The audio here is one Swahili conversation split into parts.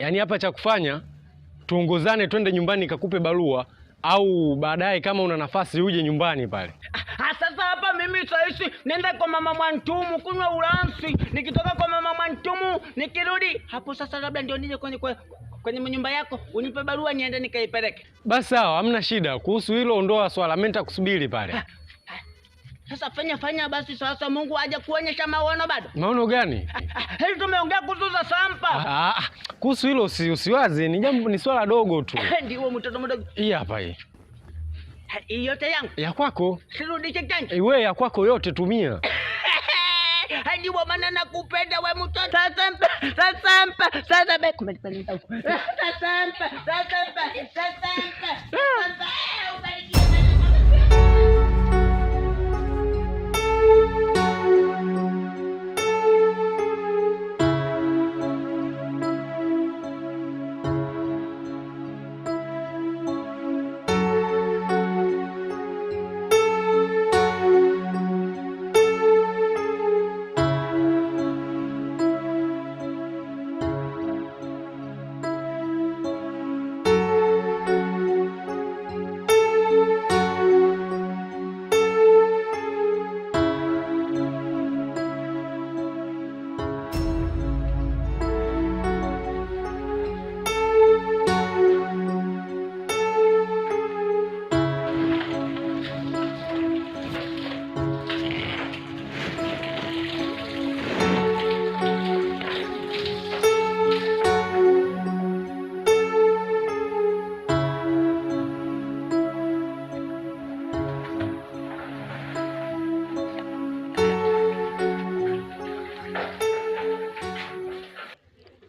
Yaani hapa cha kufanya tuongozane, twende nyumbani kakupe barua, au baadaye kama una nafasi uje nyumbani pale. Ah, sasa hapa mimi saishi nenda kwa mama Mwantumu kunywa ulansi, nikitoka kwa mama Mwantumu nikirudi hapo sasa, labda ndio nije kwenye kwa kwenye nyumba yako unipe barua niende nikaipeleke. Basi sawa, hamna shida. Kuhusu hilo ondoa swala, mimi nitakusubiri pale. Ah, sasa fanya fanya basi, sasa Mungu aje kuonyesha maono. Bado maono gani? Hili tumeongea kuhusu za sampa. Ah, ah, ah. Kuhusu hilo usiwazi, ni jambo ni swala dogo tu. Ndio mtoto mdogo. Hii hapa hii yote yangu ya kwako, sirudishe tena. Eh, wewe ya kwako yote tumia hadi wa maana nakupenda wewe mtoto. Sasa mpa, sasa mpa, sasa be kumaliza. Sasa mpa, sasa mpa, sasa sasa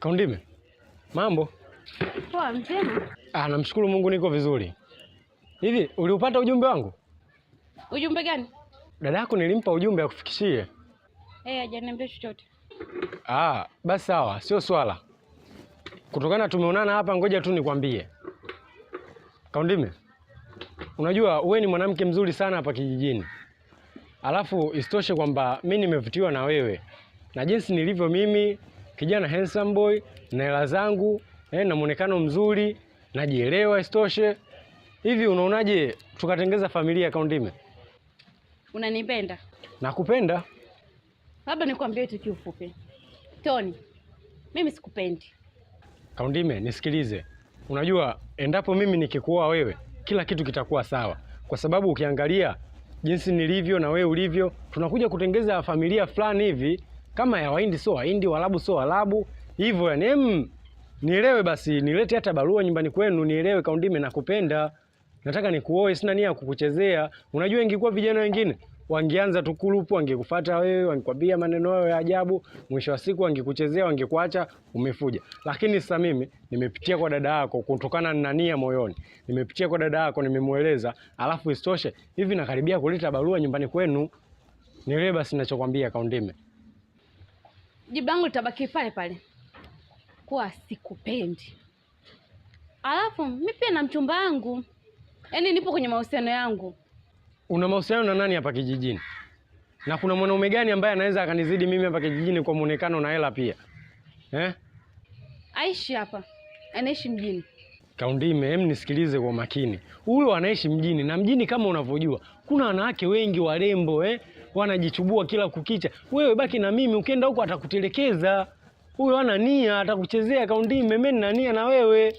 Kaundime, mambo? Poa, mzima? Ah, namshukuru Mungu niko vizuri. Hivi uliupata ujumbe wangu? Ujumbe gani? Dada yako nilimpa ujumbe akufikishie. Eh, hajaniambia chochote. Ah, basi sawa, sio swala. Kutokana tumeonana hapa, ngoja tu nikwambie. Kaundime, unajua wewe ni mwanamke mzuri sana hapa kijijini, alafu isitoshe kwamba mimi nimevutiwa na wewe na jinsi nilivyo mimi kijana handsome boy na hela zangu eh, na muonekano mzuri, najielewa isitoshe. Hivi unaonaje tukatengeza familia Kaundime? Unanipenda? Nakupenda. Labda nikwambie tu kiufupi, Tony, mimi sikupendi. Kaundime, nisikilize. Unajua, endapo mimi nikikuoa wewe, kila kitu kitakuwa sawa, kwa sababu ukiangalia jinsi nilivyo na wewe ulivyo, tunakuja kutengeza familia fulani hivi kama ya Wahindi sio Wahindi, Waarabu sio Waarabu, hivyo yani mm, nielewe basi, nilete hata barua nyumbani kwenu nielewe, Kaundime, nakupenda, nataka nikuoe, sina nia ya kukuchezea. Unajua ingekuwa vijana wengine wangeanza tu kulupu, wangekufuata wewe, wangekwambia maneno yao ya ajabu, mwisho wa siku wangekuchezea, wangekuacha umefuja. Lakini sasa mimi nimepitia kwa dada yako, kutokana na nia moyoni, nimepitia kwa dada yako, nimemueleza. Alafu isitoshe hivi nakaribia kuleta barua nyumbani kwenu, nielewe basi ninachokwambia Kaundime jibu langu litabaki pale pale kuwa sikupendi. Alafu mi pia na mchumba wangu, yaani nipo kwenye mahusiano yangu. Una mahusiano na nani hapa kijijini? Na kuna mwanaume gani ambaye anaweza akanizidi mimi hapa kijijini kwa muonekano na hela pia eh? Aishi hapa, anaishi mjini. Kaundime, hem, nisikilize kwa makini. Huyo anaishi mjini, na mjini kama unavyojua kuna wanawake wengi warembo eh? wanajichubua kila kukicha. Wewe baki na mimi, ukienda huko atakutelekeza huyo, ana nia, atakuchezea kaundi memeni na nia na wewe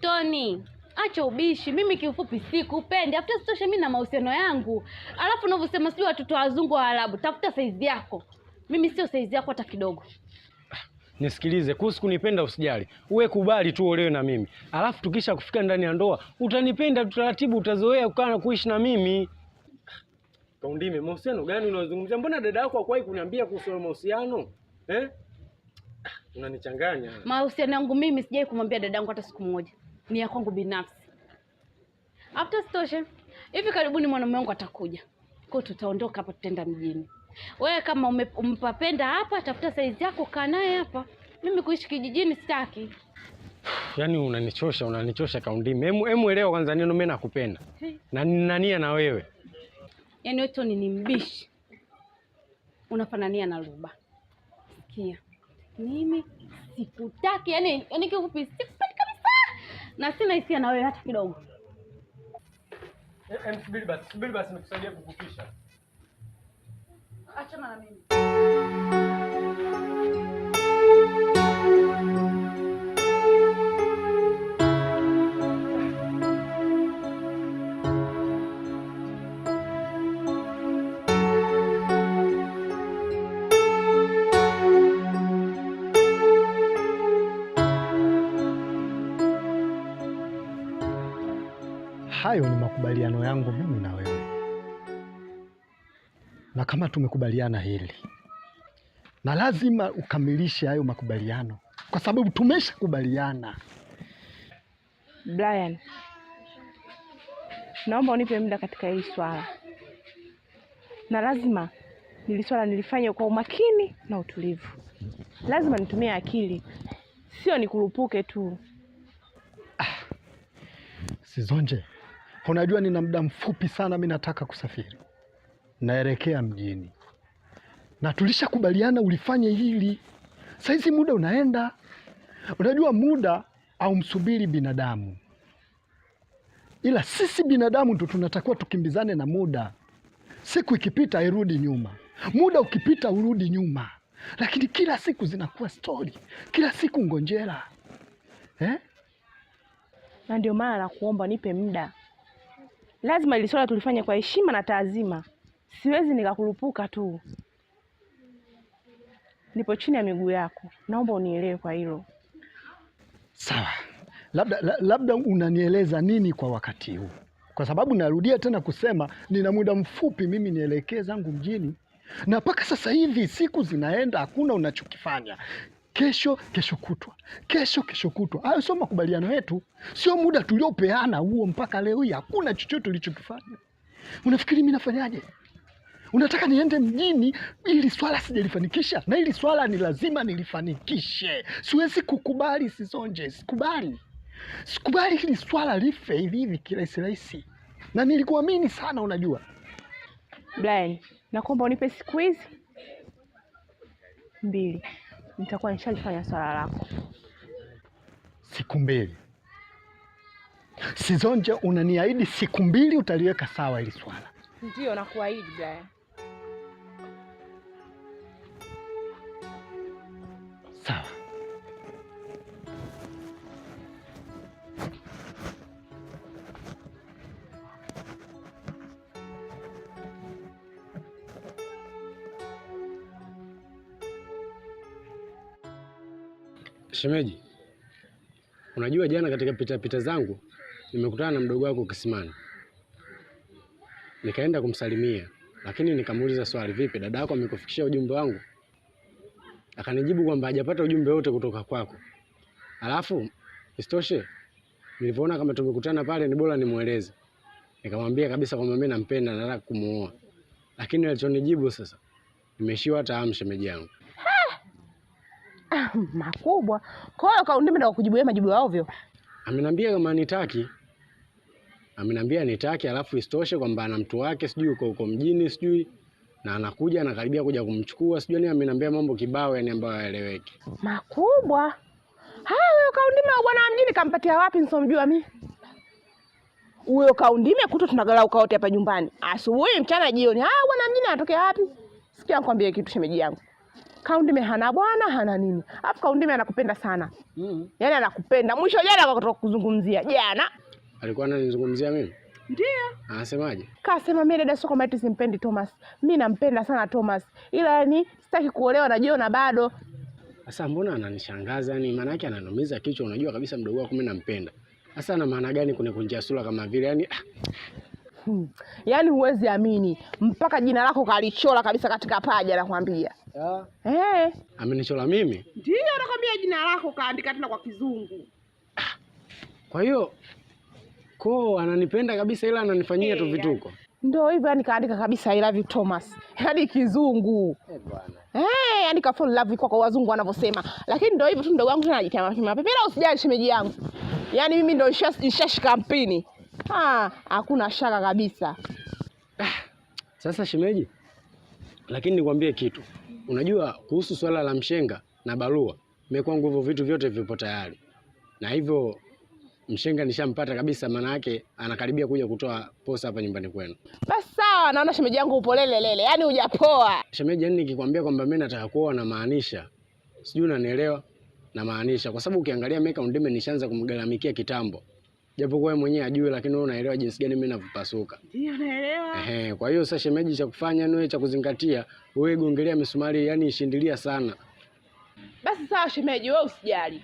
Tony. Acha ubishi, mimi kiufupi sikupendi. Afuta sitoshe, mimi na mahusiano yangu, alafu unavyosema sio watoto wazungu wa Arabu. Tafuta saizi yako, mimi sio saizi yako hata kidogo. Nisikilize, kuhusu kunipenda usijali, uwe kubali tu olewe na mimi, alafu tukisha kufika ndani ya ndoa utanipenda, tutaratibu utazoea kukaa na kuishi na mimi. Kaundime, mahusiano gani unazungumzia? Mbona dada yako hakuwahi kuniambia kuhusu mahusiano eh? Ah, unanichanganya. Mahusiano yangu mimi sijai kumwambia dada yangu hata siku moja, ni ya kwangu binafsi. After stoshe, hivi karibuni mwanaume wangu atakuja kwao, tutaondoka hapa, tutaenda mjini. Wewe kama ume, umpapenda hapa, tafuta saizi yako, kaa naye hapa. Mimi kuishi kijijini sitaki. Yaani unanichosha, unanichosha Hemu, hemu elewa kwanza neno mimi nakupenda na nina na wewe yani Wetoni ni mbishi, unafanania na Luba. Sikia mimi sikutaki, yani yani kiufupi sikutaki kabisa, na sina hisia na wewe hata kidogo. Eh, eh, subiri basi, subiri basi, kukupisha. Achana na mimi. hayo ni makubaliano yangu mimi na wewe, na kama tumekubaliana hili, na lazima ukamilishe hayo makubaliano, kwa sababu tumeshakubaliana. Brian, naomba unipe muda katika hili swala, na lazima nili swala nilifanye kwa umakini na utulivu. Lazima nitumie akili, sio nikurupuke tu. Ah, sizonje Unajua, nina muda mfupi sana, mi nataka kusafiri, naelekea mjini na tulishakubaliana ulifanye hili. Saizi muda unaenda, unajua muda au msubiri binadamu, ila sisi binadamu ndo tunatakiwa tukimbizane na muda. Siku ikipita irudi nyuma, muda ukipita urudi nyuma, lakini kila siku zinakuwa stori, kila siku ngonjera eh? na ndio maana nakuomba nipe muda lazima ili swala tulifanya kwa heshima na taazima, siwezi nikakurupuka tu. Nipo chini ya miguu yako, naomba unielewe kwa hilo. Sawa, labda, labda unanieleza nini kwa wakati huu? Kwa sababu narudia tena kusema nina muda mfupi mimi nielekee zangu mjini, na mpaka sasa hivi siku zinaenda, hakuna unachokifanya kesho kesho kutwa, kesho kesho kutwa. Hayo sio makubaliano yetu, sio muda tuliopeana huo. Mpaka leo hii hakuna chochote tulichokifanya. Unafikiri mimi nafanyaje? Unataka niende mjini ili swala sijalifanikisha? Na ili swala ni lazima nilifanikishe. Siwezi kukubali, sizonje sikubali, sikubali hili swala life hivi hivi kirahisi rahisi, na nilikuamini sana. Unajua Brian, nakuomba unipe siku hizi mbili nitakuwa nishalifanya swala lako. Siku mbili Sizonje, unaniahidi siku mbili utaliweka sawa hili swala? ndio nakuahidi Brian. Sawa. Shemeji, unajua jana katika pita pita zangu nimekutana na mdogo wako Kisimani, nikaenda kumsalimia, lakini nikamuuliza swali, vipi dada yako amekufikishia ujumbe wangu? Akanijibu kwamba hajapata ujumbe wote kutoka kwako. Alafu istoshe, nilivyoona kama tumekutana pale, ni bora nimweleze. Nikamwambia kabisa kwamba mimi nampenda, nataka kumuoa, lakini alichonijibu sasa, nimeshiwa hata hamu yangu. Ah, makubwa. Kwa hiyo kaundime ndio kujibu yeye majibu ovyo. Ameniambia kama nitaki. Ameniambia nitaki, alafu istoshe kwamba ana mtu wake sijui uko uko mjini sijui na anakuja anakaribia kuja kumchukua sijui nini, ameniambia mambo kibao yani ambayo haeleweki. Makubwa. Haya, huyo kaundime wa bwana mjini kampatia wapi nisomjua mimi? Huyo kaundime kuto tunagalau kaote hapa nyumbani. Asubuhi, mchana, jioni. Ah, bwana mjini anatokea wapi? Sikia nikwambie kitu shemeji yangu. Kaundime hana bwana hana nini, alafu Kaundime anakupenda sana mm. Mm-hmm. Yani anakupenda mwisho. Jana akatoka kuzungumzia, jana alikuwa ananizungumzia mimi ndio anasemaje? Kasema mimi dada, sio kama eti simpendi Thomas, mimi nampenda sana Thomas, ila yani sitaki kuolewa na Jona bado. Sasa mbona ananishangaza yani, maana yake ananumiza kichwa. Unajua kabisa mdogo wako mimi nampenda, sasa na maana gani kunikunjia sura kama vile yani ah. hmm. Yaani huwezi amini, mpaka jina lako kalichora kabisa katika paja, nakwambia. Ah. Eh. Amenichola mimi? Ndio, nakwambia jina lako kaandika tena kwa Kizungu. Ah, kwa hiyo ko ananipenda kabisa ila ananifanyia hey, tu eh, vituko. Ndio hivyo yani kaandika kabisa I love you Thomas. Yaani Kizungu. Eh, hey, bwana. Eh, yani ka fall love kwa kwa wazungu wanavyosema. Lakini ndio hivyo tu mdogo wangu tena anajitia mapema. Bila usijali shemeji yangu. Yaani mimi ndio nishashika mpini. Ah, hakuna shaka kabisa. Ah, sasa shemeji, lakini nikwambie kitu Unajua kuhusu swala la mshenga na barua, mimi nguvu hivyo vitu vyote vipo tayari, na hivyo mshenga nishampata kabisa, maana yake anakaribia kuja kutoa posa hapa nyumbani kwenu. Basi sawa, naona shemeji yangu upo lele lele, yani hujapoa shemeji. Yani nikikwambia kwamba mimi nataka kuoa na maanisha, sijui unanielewa, na maanisha kwa sababu ukiangalia mimi kaundime nishaanza kumgaramikia kitambo japokuwa wewe mwenyewe ajui, lakini wewe unaelewa jinsi gani mimi ninavyopasuka. Ndio naelewa. Ehe, kwa hiyo sasa shemeji, cha kufanya ni wewe, cha kuzingatia, wewe gongelea misumari, yani ishindilia sana. Basi sawa shemeji, wewe usijali.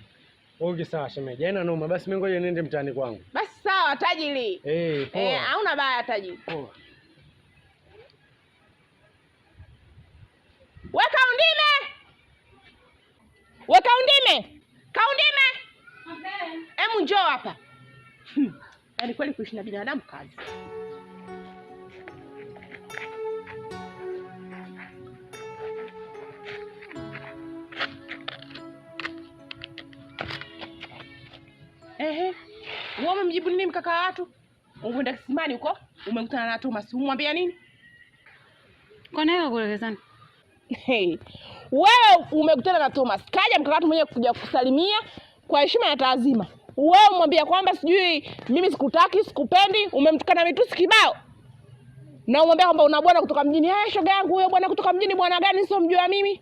Okay, sawa shemeji, haina noma. Basi mimi ngoja niende mtaani kwangu. Basi sawa tajiri. Eh, poa. Eh, hauna baya tajiri. Poa. Weka undime. Weka undime. Kaundime. Okay. Hebu njoo hapa. Hmm. Yaani kweli kuishi na binadamu kazi. Ehe. Wewe umemjibu nini mkaka wa watu? Ungeenda kisimani huko, umekutana na Thomas, umwambia nini? Kwa nini kuelekezana? Hey. Wewe umekutana na Thomas, kaja mkakati mwenyewe kuja kusalimia kwa heshima na taazima. Wewe umwambia kwamba sijui mimi sikutaki, sikupendi, umemtukana mitusi kibao, na umwambia kwamba una bwana kutoka mjini. Eh, shoga yangu, huyo bwana kutoka mjini bwana gani? Sio mjua mimi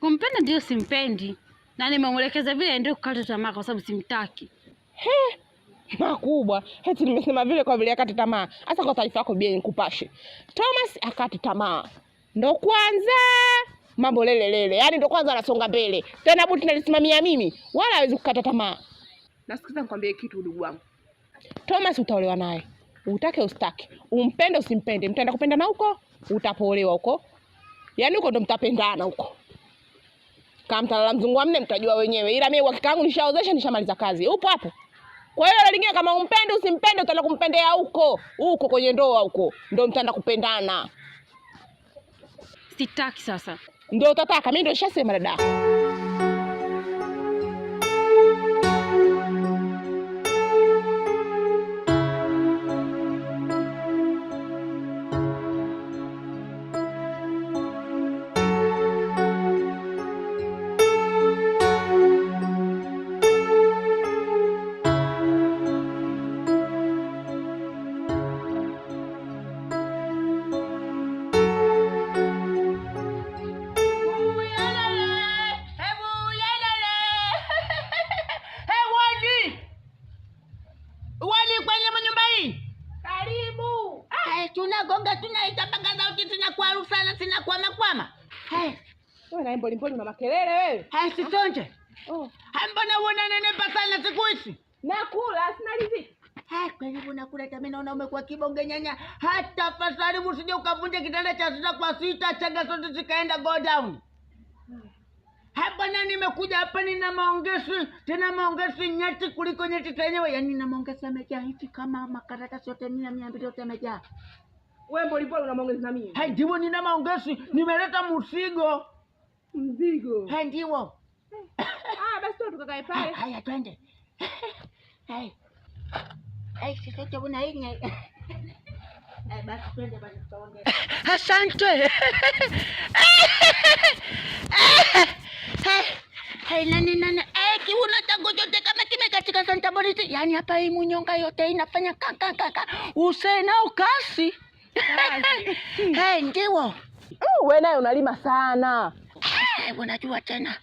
kumpenda ndio simpendi, na nimemwelekeza vile ndio kukata tamaa kwa sababu simtaki. He, makubwa heti nimesema vile kwa vile akate tamaa. Hasa kwa taifa yako bieni kupashe Thomas akate tamaa, ndo kwanza mambo lele lele, yaani ndo kwanza anasonga mbele tena, buti nalisimamia mimi, wala hawezi kukata tamaa. Nasikiza nikwambie kitu, ndugu wangu Thomas, utaolewa naye utake ustake, umpende usimpende, mtaenda kupendana huko, utapolewa huko, yaani huko ndo mtapendana huko. Kama mtalala mzungu wa mne, mtajua wenyewe, ila mimi uhakika wangu nishaozesha, nishamaliza kazi, upo hapo. Kwa hiyo la lingine, kama umpende usimpende, utaenda kumpendea huko huko kwenye ndoa huko, ndo mtaenda kupendana. Sitaki sasa. Ndo utataka? Mimi ndo nishasema dada. na mbolimboli na makelele wewe. Haya sitonje. Oh. Mbona uona nenepa na siku hizi? Nakula sinaliziki. Haya kwa hivyo nakula tami naona umekuwa kibonge nyanya. Hata fasari usije ukavunja kitanda cha sita kwa sita chaga zote zikaenda go down. Hapa bwana nimekuja hapa nina maongezi, tena maongezi nyeti kuliko nyeti tenyewe. Yaani nina maongezi yamejaa hivi kama makaratasi yote 100 200 yote yamejaa. Wewe mbona una maongezi na mimi? Hai, ndio nina maongezi, nimeleta msigo. Mzigo. Hai ndio. Ah, basi tu tukakae pale. Haya twende. Hai. Hai sisi tuna inye. Eh, basi twende basi tuongee. Asante. Hai nani nani. Eh, kiuno changu chote kama kime katika Santa Bonita. Yaani hapa hii munyonga yote inafanya kaka kaka. Usena ukasi. Hai ndio. Wewe naye unalima sana. Hey, unajua tena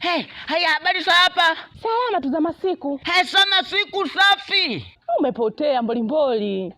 hey, haya habari za hapa Sawa, tu za masiku hey, sana siku safi. Umepotea mbolimboli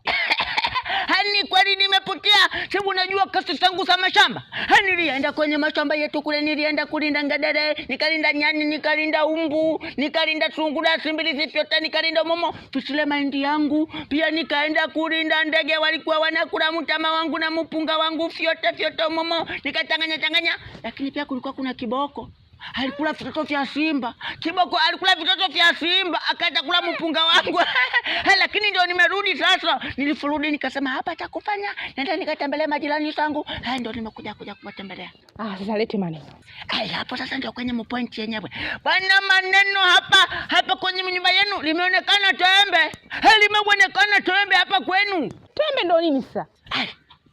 kilichotokea, sababu unajua kasi zangu za mashamba. Nilienda kwenye mashamba yetu kule, nilienda kulinda ngedere, nikalinda nyani, nikalinda umbu, nikalinda sungura, simbili, zipyota, nikalinda momo, tusile mahindi yangu. Pia nikaenda kulinda ndege walikuwa wanakula mtama wangu na mpunga wangu, fyote fyote, momo, nikatanganya tanganya lakini pia kulikuwa kuna kiboko alikula vitoto vya simba. Kiboko alikula vitoto vya simba, akaenda kula mpunga wangu lakini ndio nimerudi sasa. Nilifurudi nikasema hapa cha kufanya, nenda nikatembelea majirani zangu. Haya, ndio nimekuja kuja kuwatembelea. Ah, sasa leti maneno haya hapo. Sasa ndio kwenye mpointi yenyewe bwana, maneno hapa hapa kwenye nyumba yenu limeonekana tembe, limeonekana tembe hapa kwenu. Tembe ndio nini sasa?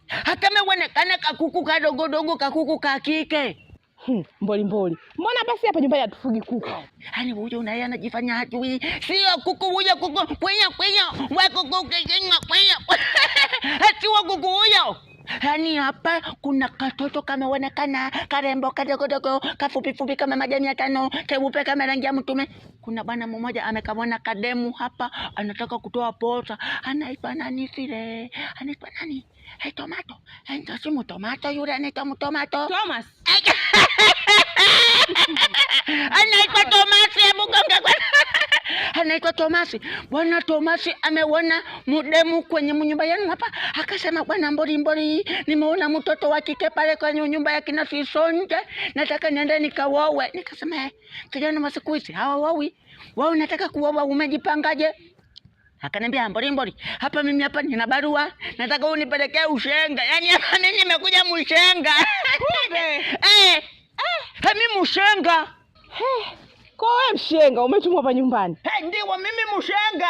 Hata meonekana kakuku kadogodogo, kakuku kakike Hmm, mboli mboli. Mbona basi hapa nyumbani hatufugi kuku? Yaani huyo na anajifanya hajui. Sio kuku huyo kuku kwenya kwenya mwa kuku kwenya kwenya. Hati wa kuku huyo. Yaani hapa kuna katoto kameonekana karembo kadogo dogo kafupi fupi kama majani ya tano keupe kama rangi ya mtume. Kuna bwana mmoja amekamona kademu hapa anataka kutoa pota. Anaitwa nani sile? Anaitwa nani? Hey, tomato. Hey, ndio si mtomato yule anaitwa mtomato. Thomas. Hey, anaitwa Tomasi Mugonge anaitwa Tomasi. Bwana Tomasi ameona mudemu kwenye nyumba yenu hapa, akasema bwana Mborimbori, nimeona mtoto wa kike pale kwenye nyumba ya kina Sisonje, nataka niende nikawowe. Nikasema eh, kijana, wa siku hizi hawawowi wao, nataka kuoa. Umejipangaje? Akaniambia Mborimbori, hapa mimi hapa nina barua, nataka unipelekee ushenga. Yani hapa mimi nimekuja mushenga Eh eh, eh, eh, mimi mshenga hey. Eh, kwa wewe mshenga umetumwa hapa nyumbani hey, ndiwa mimi mshenga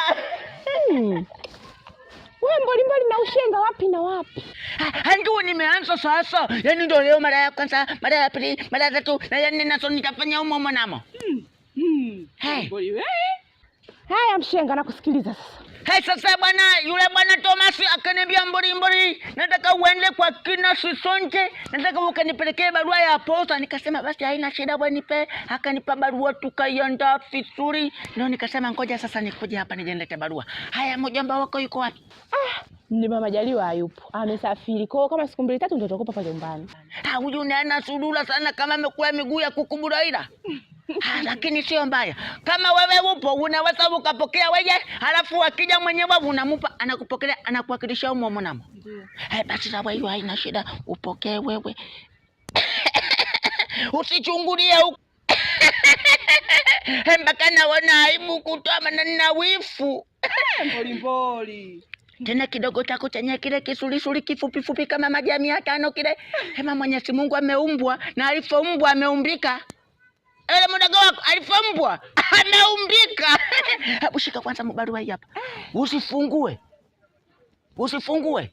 hmm. Wewe mbalimbali na ushenga wapi na wapi? Ah, ndio nimeanza sasa, yaani ndio leo mara ya kwanza, mara ya pili, mara ya tatu na ya yaani nne, nazo nitafanya umo umo namo. Hmm, hmm. Haya mshenga, nakusikiliza sasa. Hey, sasa bwana yule bwana Thomas akaniambia mborimbori, nataka uende kwa kina Sisonje, nataka ukanipelekee barua ya posta. Nikasema basi haina shida bwana, nipe. Akanipa barua tukaiandaa vizuri, ndio nikasema ngoja sasa nikuje hapa nijendete barua. Haya, mjomba wako yuko wapi? Ah, ni mama Jaliwa hayupo, amesafiri. kwao kama siku mbili tatu ndio tutakopa pale nyumbani. Ah, huyu ni ana sudura sana kama amekula miguu ya kukubu Raila. Ah, lakini sio mbaya kama wewe upo, unaweza ukapokea weye halafu akija mwenyewe unamupa, anakupokelea, anakuwakilisha umo mwanamo. Eh, basi sawa, hiyo haina shida, upokee wewe usichungulie huko eh, mpaka naona aibu kutoa manani na wifu mbolimboli tena kidogo chako chenye kile kisulisuli kifupifupi kama majamia tano kile. Hema, Mwenyezi Mungu ameumbwa na alivyoumbwa ameumbika Ele mdogo wako alifambwa, ameumbika. Hebu shika kwanza barua hii hapa. Ah. Usifungue. Usifungue.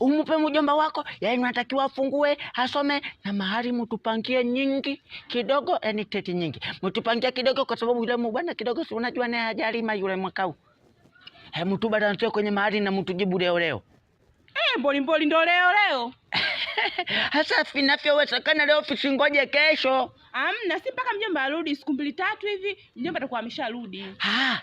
Umupe mjomba wako, yaani unatakiwa afungue, asome na mahari mtupangie nyingi kidogo, yani teti nyingi. Mtupangie kidogo kwa sababu yule bwana kidogo si unajua naye ajali ma yule mwaka huu. He, eh, mtu bado bada kwenye mahari na mtujibu leo leo. Eh, hey, mboli mboli ndo leo leo. Hasa finafyo wewe sakana leo fisingoje kesho. Amna, si mpaka mjomba arudi siku mbili tatu hivi, mjomba atakuwa amesharudi. Ah.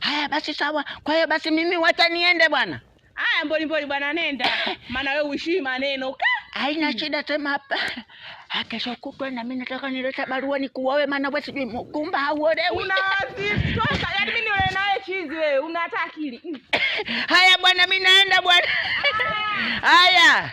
Haya basi sawa. Kwa hiyo basi mimi wacha niende bwana. Haya mboli mboli bwana nenda. Maana wewe uishi maneno ka. Haina shida tena hapa. Kesho kutwa na mimi nataka nileta barua nikuoe maana wewe sijui au wewe Una sasa yaani mimi niolewe na wewe chizi wewe. Una hata akili. Haya bwana mimi naenda bwana. Haya.